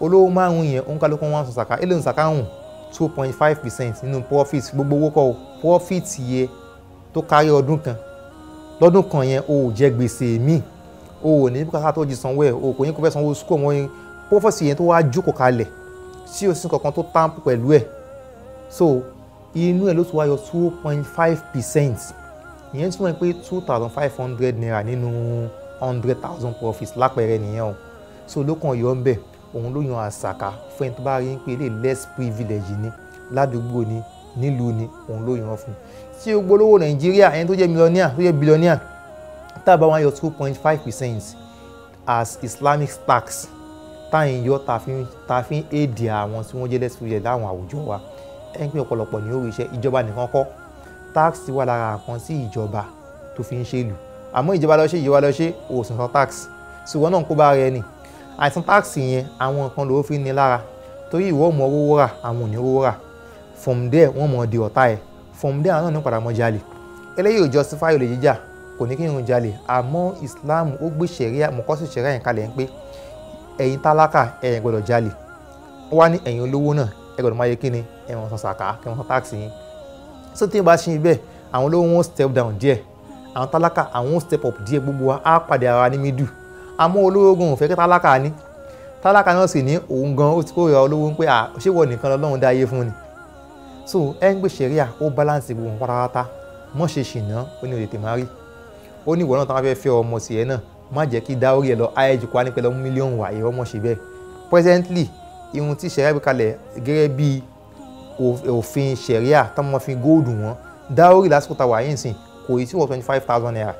[SPEAKER 1] olówó márùn-ún yẹn òǹkálùkù wọn sọ sàká ilé ìsàká hùn two point five percent nínú profit gbogbo owó kọ profit yẹ tó kárí ọdún kan lọ́dún kan yẹn o ò jẹ gbèsè míì o ò ní bùkátà tó jí sanwó ẹ̀ o kò ní kó fẹ́ sanwó sukú wọn profit yẹn tó wá jókòó kalẹ̀ tí o sì kankan tó tampu pẹ̀lú ẹ̀ so inú ẹ̀ ló ti wá two point five percent ìyẹn túmọ̀ pé two thousand five hundred naira nínú hundred thousand profit lápẹẹrẹ nìyẹn o so ló kàn yọ ńbẹ òun ló yan àṣàkà fún ẹni tó bá rí pé lè less privilege ni ládùúgbò ni nílùú ni òun ló yan fún tí o gbólówó nàìjíríà ẹni tó jẹ́ mílíọ̀nìà tó jẹ́ bílíọ̀nìà tá wọn yọ two point five percent as islamic tax táyìn yọ tàfin èdè àwọn tí wọ́n jẹ́ less privilege láwọn àwùjọ wa ẹni pé ọ̀pọ̀lọpọ̀ ni ó rí iṣẹ́ ìjọba nìkan kọ́ tax wà lára nǹkan tí ìjọba tó fi ń ṣe lù àmọ́ ìjọba ló ṣe ìjọba ló ṣe òsùn san tax ṣùgbọ́n náà kó bá rẹ nì àìsàn tax yẹn àwọn nǹkan ló fi ní lára torí ìwọ mọ owó rà àwọn ò ní owó rà from there wọ́n mọ̀ di ọ̀tá ẹ̀ from there àwọn náà ní padà mọ́ jalè eléyìí ò justify olè jíjà kò ní kí n jalè àmọ́ Islam ó gbé sẹ̀ríà mọ̀kọ́sí sẹ̀ríà yẹn kalẹ̀ ń pé ẹ̀yin tálákà ẹ̀yin gbọ́dọ̀ jalè wọ́n wá ní ẹ̀yin olówó náà ẹ gbọ́dọ̀ máa yẹ kí ni ẹ̀wọ̀n san sàkà kẹ́wọ̀n san táàsì yín so tí yóò bá ṣe bẹ́ẹ̀ àwọn olówó wọn step down díẹ̀ àwọn tálákà àwọn step up díẹ̀ gbogbo wa á pàdé ara ní middle àmọ́ olówó gan ò fẹ́ kí tálákà ní tálákà náà sì ní òun gan ó ti kó ìra olówó ń pé ṣé wọ nìkan lọ́lọ́run dá ayé fún ni so ẹ ń gbé sẹ́ríà ó balance gbogbo wọn pátápátá mọ́ ṣe ṣìnà ó ní òtètè má rí ó ní ìwọ náà táwọn fẹ́ fẹ́ ọmọ sí ẹ náà má jẹ́ kí dáórí ẹ lọ ayé jù kó wá ní pẹ̀lú mílíọ̀nù wà ìwọ́n mọ̀ ṣe bẹ́ẹ̀ presently irun tí sẹ́ríà gbé kalẹ̀ gẹ́gẹ́ bíi òfin ṣẹ̀ríà tó máa fi góòdù wọn dáórì lásìkò tá a wà yìí nsìn kò ì tí wọ́n twenty five thousand naira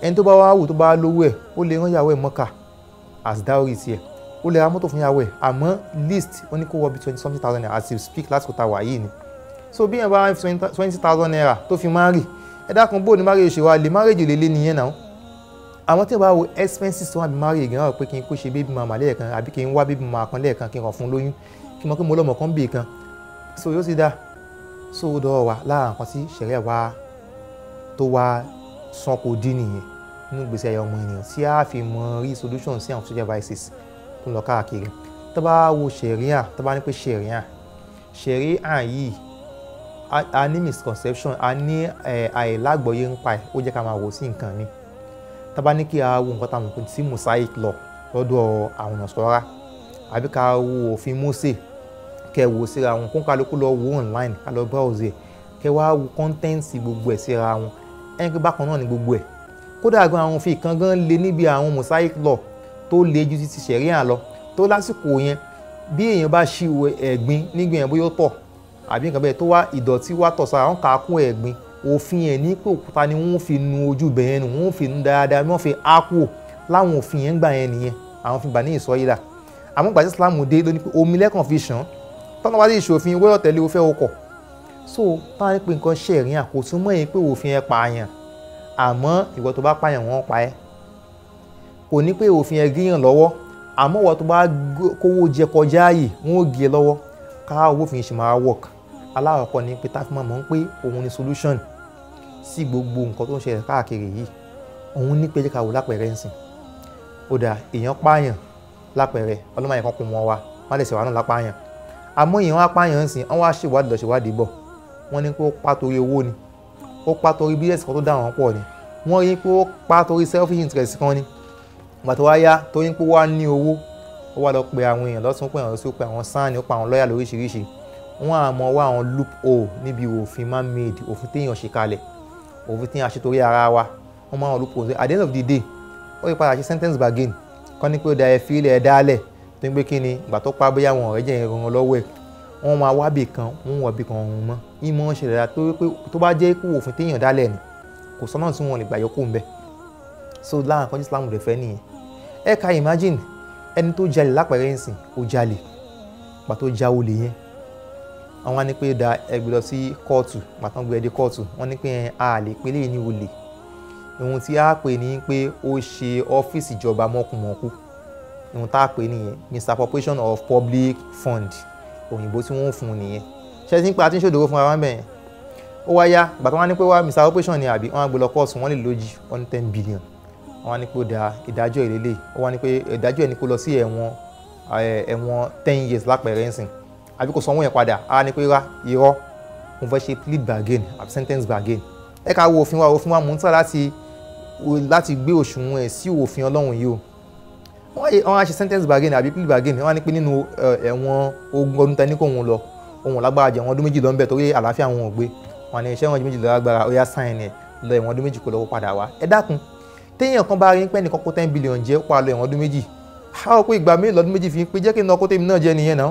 [SPEAKER 1] ẹni tó bá wá wò tó bá lówó ẹ̀ ó lè rán ìyàwó ẹ̀ mọ́kà as dáórì tiẹ̀ ó lè ra mọ́tò fún ìyàwó ẹ̀ àmọ́ list ó ní kó wọ́ bí twenty something thousand naira as you speak lásìkò tá a wà yìí ni so bí yẹn bá rán twenty thousand naira tó fi máa rì ẹ dákun bó ni marriage ṣe wá lè marriage lè lé nìyẹn náà àwọn tí wọn bá wo expenses tí wọn bí marry gan pé kí n kó ṣe baby mama lẹ́ẹ̀kan àbí kí n wá baby mama kan lẹ́ẹ̀kan kí n kàn fún lóyún kí n mọ̀ mo lọ́mọ kan bì kan so yóò sì dá so dọ́wọ́ wa lára nǹkan tí ṣẹ̀rẹ̀ wa tó wa san kò dín nìyẹn nínú gbèsè ayé ọmọ ènìyàn tí a fi mọ rí solution sí àwọn social vices tó ń lọ káàkiri tó bá wo ṣẹ̀ríà tó bá ní pé ṣẹ̀ríà ṣẹ̀ríà yìí a ní misconception a ní àìlágbọ̀yé ń ẹ̀ ó jẹ́ ká máa wò sí nǹkan mi tá bá ní kí a wo nǹkan táwọn òpin tí mosaic lọ lọ́dọ̀ àwọn ọ̀sọ́ra àbí ká wo òfin Mósè kẹ wò síra wọn kó kálukú lọ wò online ká lọ browse ẹ kẹ wá wo kọ́ńtẹ́ǹsì gbogbo ẹ̀ síra wọn ẹni pé bákan náà ni gbogbo ẹ̀ kódà gan àwọn òfin kan gan le níbi àwọn mosaic law tó le ju ti ṣẹ̀ríà lọ tó lásìkò yẹn bí èèyàn bá ṣí ẹ̀gbin nígbà yẹn bóyá ó tọ̀ àbí nǹkan bẹ́ẹ̀ tó wá ìdọ̀tí wá tọ̀ sára wọn kà á kún ẹ̀gbin òfin ẹ̀ ní pé òkúta ni wọ́n fi nu ojú bẹ̀yẹn nù wọ́n fi nu dáadáa wọ́n fi á kúò láwọn òfin yẹn gbà yẹn nìyẹn àwọn òfin gbà ní ìsọyílà àmọ́ gbàtí Islam dé ló pé omi lẹ́kàn fi ṣàn tọ́nà wá sí ìṣòfin wẹ́rọ̀ tẹ̀lé o fẹ́ o kọ̀ so tá a rí pé nǹkan ṣe ìrìn àkóso mọ́ yẹn pé òfin ẹ pààyàn àmọ́ ìwọ tó bá pààyàn wọ́n pa ẹ́ kò ní pé òfin ẹ gíyàn lọ́wọ́ àmọ́ ìwọ tó bá kówó jẹ kọjá ààyè wọ́n ò gé lọ́wọ́ ká òfin ṣe máa work aláwọ̀kọ́ ni pé tá a fi máa mọ̀ pé òun ni solution sí gbogbo nǹkan tó ń ṣẹlẹ̀ káàkiri yìí òun ní pé jẹ́ wò lápẹ̀rẹ̀ ń sìn ó dà èèyàn pààyàn lápẹ̀rẹ̀ ọlọ́mọ yẹn kan kò mọ́ má lè ṣèwà náà lápààyàn àmọ́ èèyàn wá pààyàn sìn wọ́n wá ṣèwádìí lọ ṣèwádìí bọ̀ wọ́n ní pé ó pa torí owó ni ó pa torí bílẹ̀sì kan tó dà wọ́n pọ̀ ni wọ́n rí pé ó pa torí selfish interest kan ni ìgbà tó wá yá tó ní pé ó wá ní owó ó wá lọ pe àwọn èèyàn lọ́sùn pé àwọn sí ó pe àwọn sáàni ó pa àwọn lọ́ọ̀yà lóríṣiríṣi wọ́n á mọ wá àwọn loophole níbi òfin man made òfin téèyàn ṣe kalẹ̀ òfin téèyàn ṣe torí ara wa wọ́n mọ àwọn loophole at the end of the day ó yí padà ṣe sentence bargain kọ́ ni pé ó da ẹ fi ilẹ̀ ẹ dálẹ̀ tó ń gbé kí ni ìgbà tó pa bóyá wọn ọ̀rẹ́ jẹ́ ìrànlọ́wọ́ lọ́wọ́ ẹ̀ wọ́n máa wá bì kan wọ́n wọ̀ bì kan ọ̀hún mọ́ ìmọ̀ ṣẹlẹ̀ la tó bá jẹ́ kó òfin téèyàn dálẹ̀ ni kò sọ́nà tí wọ́n lè gbà yọkù ń bẹ̀ so láwọn kan Islam rẹ̀ fẹ́ nìyẹn ẹ ká imagine ẹni tó jalè lápẹ̀rẹ̀ ìsìn ó jalè ìgbà tó ja olè yẹn àwọn á ní pé da ẹgbẹ́ lọ sí kóòtù màtán gbé ẹdí kóòtù wọ́n ní pé a lè pé léyìn ní olè ohun tí a pè ní pé ó ṣe ọ́fíìsì ìjọba mọ́kùmọ́kù ohun tá a pè Mr. misappropriation of public fund òyìnbó tí wọ́n ń fún un nìyẹn ṣe ti ń pa àti ń ṣòdòwò fún ara wọn bẹ́ẹ̀ ó wá yá gbàtà wọn á ní pé wá misappropriation ni àbí wọn á gbé lọ kóòtù wọn lè lójì one ten billion wọn á ní pé ó da ìdájọ́ ìlélẹ̀ wọn á ní pé ìdájọ́ ẹ̀ ní kó lọ sí ẹ̀wọ̀n ẹ̀wọ̀n ten years lápẹ̀rẹ̀ ń sìn àbí kò sanwó yẹn padà á ní pé rá irọ́ mo fẹ́ ṣe plead bargain àbí sentence bargain ẹ ká wo òfin wa òfin wa mò ń tà láti láti gbé òṣùwọ̀n ẹ̀ sí òfin ọlọ́run yìí o wọ́n á ṣe sentence bargain àbí plea bargain wọ́n á ní pé nínú eh, ẹ̀wọ̀n ogún ọdún tani kò ń lọ ohun lágbára jẹ wọn ọdún méjì lọ ń bẹ torí àlàáfíà wọn ò gbé wọn ní iṣẹ́ wọn méjì lọ lágbára ó yá sáìn ẹ̀ lọ ẹ̀wọ̀n ọdún méjì kó lọ́wọ́ padà wá ẹ dákun téèyàn kan bá rí pẹ́ nìkan kó ten billion jẹ́ ó pa lọ ẹ̀wọ̀n ọdún méjì á rò pé ìgbà mélòó ọdún méjì fi pé jẹ́ kí n lọ kó tèmi náà jẹ nìyẹn náà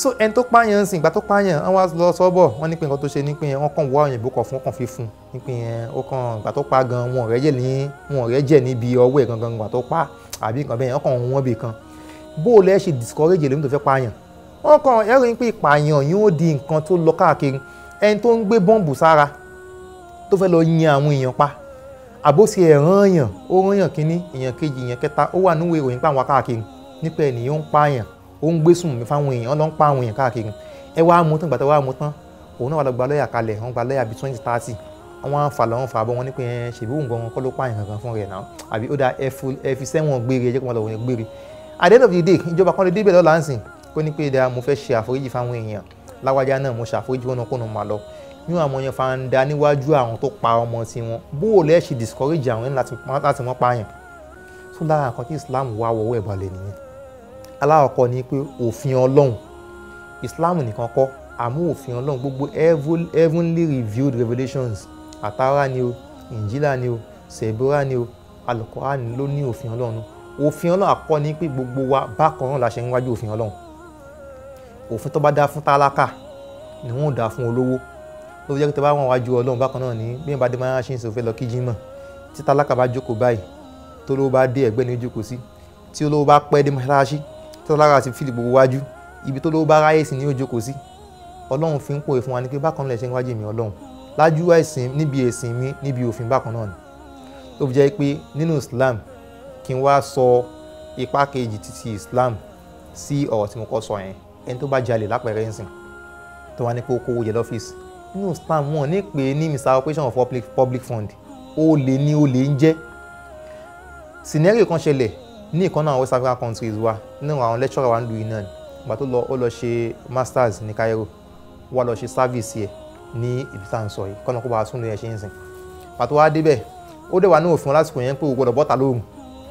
[SPEAKER 1] so ẹni tó pààyàn ń sìn ìgbà tó pààyàn wọ́n wá lọ sọ́bọ̀ wọ́n ní pé nǹkan tó ṣe ní pé yẹn wọ́n kàn wá òyìnbó kan fún wọ́n kàn fi fún ní pé yẹn ó kàn ìgbà tó pa gan wọn ọ̀rẹ́ jẹ̀ ní wọn ọ̀rẹ́ jẹ̀ níbi ọwọ́ ẹ̀ gangan ìgbà tó pa àbí nǹkan bẹ́ẹ̀ wọ́n kàn wọ́n bì kan bó o lẹ́ ṣe discourage lómi tó fẹ́ pààyàn wọ́n kàn ẹ̀rọ yín pé ìpààyàn yín ó di nǹkan tó lọ káàkiri ẹni tó ń gbé bọ́ǹbù sára tó fẹ́ lọ yin àwọn èèyàn pa àbóṣe ẹ̀ràn èèyàn ó rán ó ń gbé sùn fáwọn èèyàn ló ń pa àwọn èèyàn káàkiri ẹ wá mú tán gbàtà wá mú tán òun náà wà lọ gba lọ́yà kalẹ̀ wọ́n gba lọ́yà bíi twenty thirty wọ́n á fà lọ́wọ́n bọ́ wọn ní pé ẹ ṣèbí òun gan kọ́ ló pààyàn kankan fún rẹ̀ náà àbí ó da ẹ fi sẹ́wọ̀n gbére ẹ jẹ́ kó wọn lọ wọ́n gbére at the end of the day ìjọba kan lè débẹ̀ lọ́la ń sìn kó ní pé dáa mo fẹ́ ṣe àforíjì fáwọn èèyàn láwájá náà mo ṣàforíjì wọn kó nu mà lọ ní àwọn èèyàn fa ń da níwájú àwọn tó pa ọmọ tiwọn bóò lẹ́ ṣe discourage àwọn láti wọ́n pààyàn tó lára nǹkan tí Islam wá wọ́wọ́ ẹ̀bọ̀lẹ̀ nìyẹn alákọ̀ọ́kọ́ ni pé òfin ọlọ́run islam nìkan kọ́ àmú òfin ọlọ́run gbogbo heavenly revealed revelations àtàrà ni o ìnjílà ni o sèbúrà ni o alukóra ni ló ní òfin ọlọ́run òfin ọlọ́run àkọ́ ni pé gbogbo wa bákan náà la ṣe ń wájú òfin ọlọ́run òfin tó bá dá fún tálákà ni wọ́n dá fún olówó ló fi jẹ́ pé tó bá wọn wájú ọlọ́run bákan náà ní bí ìbàdí máa ṣe ń sòfin lọ kí jimá tí tálákà bá jókòó báyìí tó lówó bá dé ẹ̀gbẹ́ ni ó jókòó sí tí olówó bá pẹ́ dé mọ́ṣáláṣí tọ́lára ti fílì gbogbo wájú ibi tó lówó bá ráyè sí ni yóò jókòó sí ọlọ́run fi ń pòye fún wa ní pé bákan náà lè ṣe ń wájú mi ọlọ́run lájú ẹ̀sìn níbi ẹ̀sìn mi níbi òfin bákan náà ni tó fi jẹ́ pé nínú Islam kí n wá sọ ipá kejì títí Islam sí ọ̀rọ̀ tí mo kọ́ sọ yẹn ẹni tó bá jalè lápẹ̀rẹ̀ ń tó wá ní pé ó kówó jẹ lọ́fíìsì nínú Islam wọn ní pé ní misappropriation of public, public fund ó lè ní ó lè ń jẹ́ scenario kan ṣẹlẹ̀ ní ìkan náà West African countries wa nínú àwọn lecturer wa ń lu iná ni ìgbà tó lọ ó lọ ṣe masters ní Cairo wá lọ ṣe service yẹ ní ìlú tá à ń sọ yìí kọ́nà kó bá a tún lè yẹn ṣe ń sìn pàtó wá débẹ̀ ó dẹ̀ wà ní òfin lásìkò yẹn pé o gbọ́dọ̀ bọ́ta lóhùn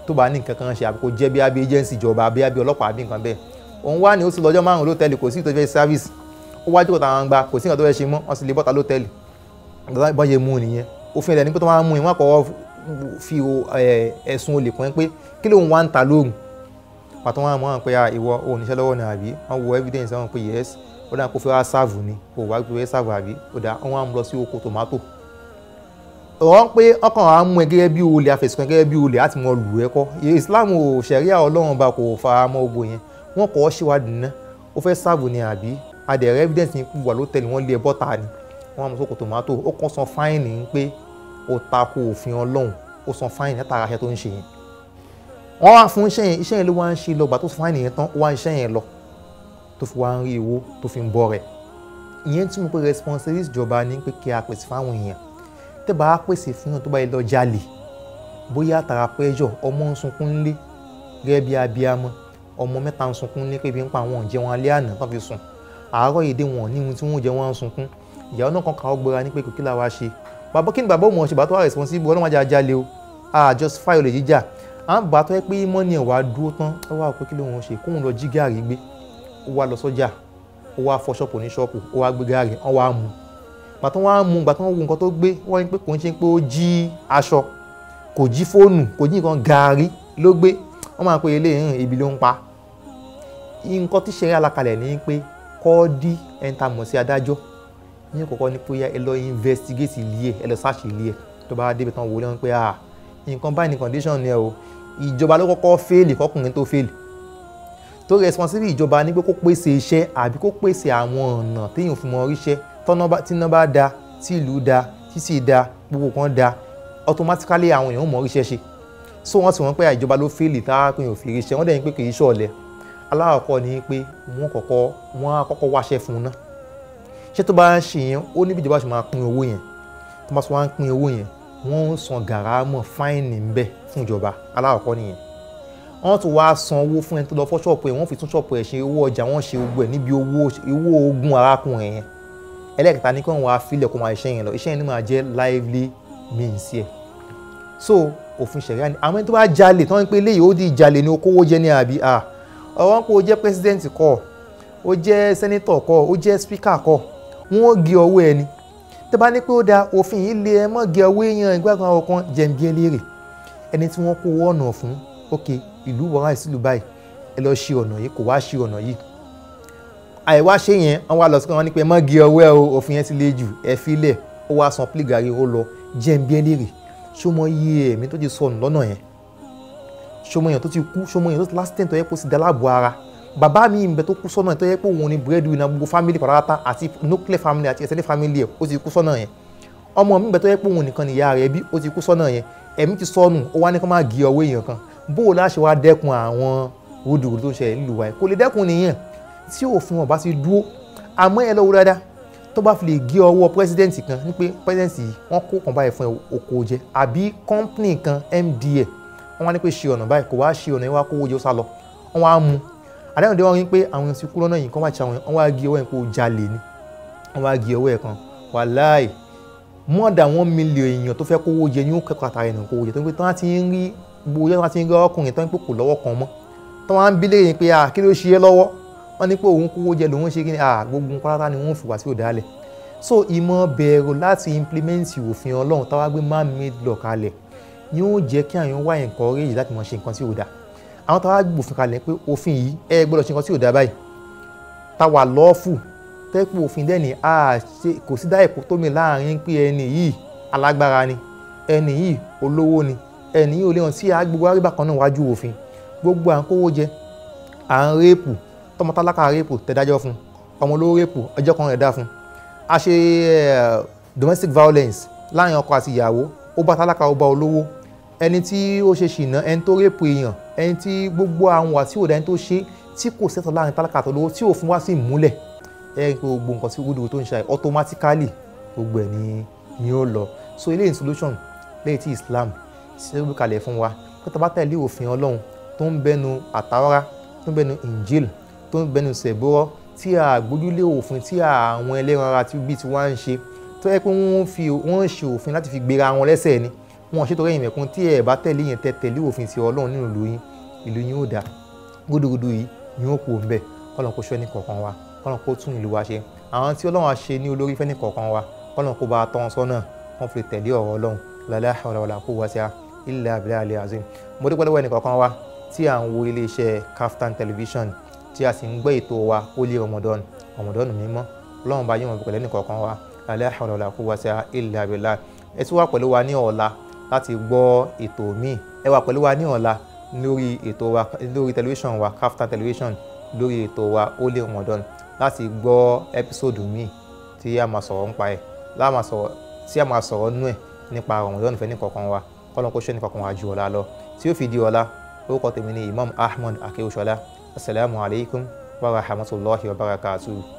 [SPEAKER 1] tó bá ní nǹkan kan ṣe àbí jẹ́ bí abẹ́ agency ìjọba abẹ́ abẹ́ ọlọ́pàá àbí nǹkan bẹ́ẹ̀ òun wá ní ó sì lọ́jọ́ márùn-ún kò sí ìtọ́jú service ó wájú kò táwọn gba kò sí nǹkan tó fẹ́ ṣe mọ́ wọ́n sì lè bọ́ta lótẹ́ẹ̀lì bọ́n ṣe fi ẹ̀sùn olè kún pé kí lóun wá pàtó wọn mọ̀ pé ah, ìwọ ò níṣẹ́ lọ́wọ́ ni àbí wọ́n wo evidence wọn pé yes ó dáa kó fẹ́ wá sáàvù ni kò wá gbé sáàvù àbí ó dáa wọ́n á mú lọ sí oko tòmátò ọ̀rọ̀ pé ọkàn á mú ẹ gẹ́gẹ́ bí olè àfẹ̀sùnkàn gẹ́gẹ́ bí olè láti mọ lù ẹ kọ́ Islam ò ṣẹ̀ríà Ọlọ́run bá kò fara mọ́ ogbó yẹn wọ́n kọ́ ṣíwádìí ná ó fẹ́ sáàvù ni àbí adẹ̀rẹ̀ evidence ni wà ló tẹ̀lé wọ́n lé ẹ bọ́ta ni wọ́n á mú sóko tòmátò ó kàn san fáìnì pé ó takò òfin Ọlọ́run ó san fáìnì látara wọ́n wá fún iṣẹ́ yẹn iṣẹ́ yẹn ló wá ń ṣe lọ gbà tó fún àìníyẹn tán wá iṣẹ́ yẹn lọ tó fi wá ń rí owó tó fi ń bọ́ rẹ̀ ìyẹn tún mọ̀ pé responsibility ìjọba ni pé kí a pèsè fáwọn èèyàn tẹ́ bá a pèsè fún yàn tó bá yẹ lọ jalè bóyá tara pressure ọmọ ń sunkún lé gẹ́gẹ́ bí abiyamọ ọmọ mẹ́ta ń sunkún lé pé ibi ń pa àwọn òǹjẹ wọn alẹ́ àná tán fi sùn àárọ̀ èdè wọn ní ohun tí wọ́n jẹ wọn ń sunkún ìyàwó náà kan kà ó gbéra ní pé kò kí la wá ṣe bàbá kí ni bàbá òun ọ̀ṣẹ̀ bá wà responsible ọlọ́mọdé ajalè o ah justify jíjà à ń bá tó yẹ pé mọ́ni ẹ̀ wá dúró tán ó wá pé kí ló ń ṣe kóun lọ jí gàrí gbé ó wá lọ sọ́jà ó wá fọ ṣọ́ọ̀pù ní ṣọ́ọ̀pù ó wá gbé gàrí ó wá mú gbàtí wọ́n á mú gbàtí wọ́n wo nǹkan tó gbé wọ́n ní pé kò ń ṣe pé ó jí aṣọ kò jí fóònù kò jí nǹkan gàrí ló gbé wọ́n máa pe eléyìí ibi ló ń pa nǹkan tí ṣẹ̀rí alákalẹ̀ ní pé kọ́ọ́dí ẹ̀ńtàmọ̀ sí adájọ́ ní kọ̀kọ́ ní pé ẹ lọ investigate ilé ẹ lọ search ilé ẹ tó bá débi tán wò lẹ́wọ̀n pé ah nǹkan báyìí ní condition ni ẹ o ìjọba ló kọ́kọ́ fẹ́ẹ̀lì kọkùnrin tó fẹ́ẹ̀lì tó rẹsipọ́nsìbì ìjọba ní pé kó pèsè iṣẹ́ àbí kó pèsè àwọn ọ̀nà téèyàn fún mọ ríṣẹ́ tíná bá da tí ìlú da títì da gbogbo kan da automatically àwọn èèyàn ò mọ ríṣẹ́ ṣe so wọ́n sì wọ́n pé ìjọba ló fẹ́ẹ̀lì táwọn èèyàn fi ríṣẹ́ wọ́n dẹ̀ ní pé kì í ṣọ̀lẹ alákọ̀ọ́ ni pé wọ́n kọ́kọ́ wọ́n á kọ́kọ́ wáṣẹ́ fún un náà ṣé tó bá ń ṣe yẹn ó níbi ìjọba ṣe máa pín owó yẹn tó bá ṣe wá ń pín owó yẹn wọ́n ń san gàràmọ̀ fáìnì ń bẹ̀ fún ìjọba aláwọ̀kọ́ nìyẹn wọ́n tún wá san owó fún ẹni tó lọ fọ́ ṣọ́ọ̀pù ẹ̀ wọ́n fi tún ṣọ́ọ̀pù ẹ̀ ṣe owó ọjà wọ́n ṣe gbogbo ẹ̀ níbi owó ogun arákùnrin yẹn ẹlẹ́kẹta ní kí wọ́n wá filẹ̀ kó máa iṣẹ́ yẹn lọ iṣẹ́ yẹn ní máa jẹ́ lively means yẹ so òfin ṣẹ̀ríà ni àwọn ẹni tó bá jalè tó ń pè léyìí ó di ìjalè ni okòwò jẹ́ ní àbí à ọ̀rọ̀ ń pé o jẹ́ president kọ́ o jẹ́ senator kọ́ o jẹ́ speaker kọ́ wọ́n gé ọwọ́ ẹni tó bá ní pé ó da òfin yìí lé ẹ mọ́ gẹ owó èèyàn ìgbàgbọ́n àwọn kan jẹ̀ǹbí ẹlẹ́rè ẹni tí wọ́n kó wọ́ọ̀nà fún ok ìlú wàhálà ìsìlú báyìí ẹ lọ ṣe ọ̀nà yìí kò wá ṣe ọ̀nà yìí àìwá ṣe yẹn wọ́n wá lọ sí wọn ní pé ẹ mọ́ gẹ owó ẹ o òfin yẹn ti le jù ẹ filẹ̀ ó wá san pílígàrí ó lọ jẹ̀ǹbí ẹlẹ́rè ṣọmọ iye ẹ̀mí tó ti sọnù lọ́nà yẹn ṣọmọ èèyàn tó ti kú ṣọmọ èèyàn tó ti lásìtẹ̀ tó yẹ kó sì dá láàbò ara baba mi ń bẹ tó kú sọ́nà tó yẹ pé òun ni búrẹ́dì iná gbogbo family pàtàkàtà àti nuclear family ati extended family ẹ̀ ó ti kú sọ́nà yẹn ọmọ mi ń bẹ tó yẹ pé òun nìkan nìyá rẹ̀ bí ó ti kú sọ́nà yẹn ẹ̀mí ti sọnù o wá ní kó má gé ọwọ́ èèyàn kan bó o láṣẹ wá dẹ́kun àwọn rúdurùdu tó ń ṣẹlẹ̀ nílùú wa kò lè dẹ́kun nìyẹn tí òfin ọba ti dúró àmọ́ ẹ lọ́wọ́ dáadáa tó bá fi lè gé ọwọ́ pírẹsidẹ́ǹtì kan ní pé pírẹsidẹ́ǹtì wọn kó kàn báyìí fún ẹ oko jẹ àbí kọ́ńpìnì kan MDA wọn wá ní pé ṣe ọ̀nà báyìí kò wá ṣe ọ̀nà yẹn wá kówó jẹ ó sá lọ wọn wá mú àdáhùn dé wọ́n rí pé àwọn ti kú lọ́nà yìí kán wá ti àwọn wọ́n wá gé ọwọ́ ẹ̀ pé ó jalè ni wọ́n wá gé ọwọ́ ẹ̀ kan wàláì more than one million èèyàn tó fẹ́ kówó jẹ ní ó kẹ́kọ̀ọ́ àtàrà ẹ̀nà kówó jẹ tó ń pé tí wọ́n ti ń rí gbogbo yẹn wọ́n ti ń rí ọkùnrin tó ń pè kò lọ́wọ́ kan mọ́ tó wọ́n á ń bí léyìn pé à kí ló ṣe é lọ́wọ́ wọ́n ní pé òun kówó jẹ lòun ṣe kí ni gbogbo pátá ni wọ́n fìwà sí òdàlẹ̀ so ìmọ̀ bẹ̀rù láti implement òfin ọlọ́run táwa gbé man made law kalẹ̀ ni ó jẹ́ kí àwọn wá encourage láti mọ̀ ṣe nǹkan tí ò àwọn táwa gbòfin kalẹ̀ pé òfin yìí ẹ gbọ́dọ̀ ṣe nǹkan tí ò dáa báyìí táwa lọ́ọ̀fù tẹ́pọ̀ òfin dẹ́ni a kò sí dáìpọ̀ tómi láàrin pé ẹni yìí alágbára ni ẹni yìí olówó ni ẹni yìí ò sí agbègbè àríbá náà wájú òfin gbogbo à ń kówó jẹ à ń réèpù tọmọ tálákà réèpù tẹ̀dájọ́ fún ọmọ olówó réèpù ọjọ́ kan rẹ̀ dá fún a ṣe domestic violence láàrin ọkọ àti ìyàwó ó bá tálákà ó bá olówó ẹni tí ó ṣe ṣìnà ẹni tó rèpò èèyàn ẹni tí gbogbo àwọn wà tí ò dání tó ṣe tí kò sẹ́tọ̀ láàrin tálákà àtọ́lówó tí ò fún wá sí ìmúlẹ̀ ẹ rí pé gbogbo nǹkan tí wúdúwú tó ń ṣe àì automatically gbogbo ẹ̀ ni ni ó lọ so eléyìí solution lẹ́yìn tí Islam ṣe é kalẹ̀ fún wa pé tá a bá tẹ̀lé òfin Ọlọ́run tó ń bẹnu àtàwárá tó ń bẹnu Injil tó ń bẹnu sẹ̀bọ́rọ́ tí a gbójúlé òfin tí àwọn ẹlẹ́ran ara bíi tiwa ń ṣe tó yẹ pé wọ́n ń ṣe òfin láti fi gbéra wọn lẹ́sẹ̀ ni wọn ṣètò ẹ̀yin mẹ̀kún tí ẹ bá tẹ̀lé yẹn tẹ tẹ̀lé òfin ti Ọlọ́run nínú ìlú yín ìlú yín ó dáa gúdúgúdú yìí yín ó kú òun bẹ́ẹ̀ kọ́lọ́n kó ṣọ́ ní kọ̀ọ̀kan wa kọ́lọ́n kó tún ìlú wa ṣe àwọn tí Ọlọ́run á ní olórí fẹ́ ní wa kọ́lọ́n kó bá a tọ́ sọ́nà wọ́n fi tẹ̀lé ọ̀rọ̀ Ọlọ́run lálẹ́ àwọn kó wá sí a ilẹ̀ abilẹ̀ alẹ́ azim mo dúpẹ́ lọ́wọ́ ẹnì kọ̀ọ̀kan wa tí à ń wo iléeṣẹ́ Kaftan television tí a sì ń gbé ètò wa ó lé ọmọdọ́nù ọmọdọ́nù mímọ́ Ọlọ́run bá yín wọn pẹ̀lẹ́ nìkọ̀ọ̀kan wa lálẹ́ àwọn kó wá sí a ilẹ̀ abilẹ̀ ẹ ti wá pẹ̀lú wa ní ọ̀la láti gbọ́ ètò míì ẹ wà pẹ̀lú wa ní ọ̀la lórí ètò wa lórí tẹlifíṣàn wa Kaftan television lórí ètò wa ó lè Ramadan láti gbọ́ ẹ́písòdù míì tí a máa sọ̀rọ̀ nípa ẹ̀ láàmà sọ̀rọ̀ tí a máa sọ̀rọ̀ nú ẹ̀ nípa Ramadan fẹ́ ní kọ̀ọ̀kan wa kọ́lọ́n kó ṣe ní kọ̀ọ̀kan wa ju ọ̀la lọ tí ó fi di ọ̀la orúkọ tèmi ni Imam Ahmad Akéwòṣọlá asalaamualeykum wa rahmatulahi wa barakatuhu.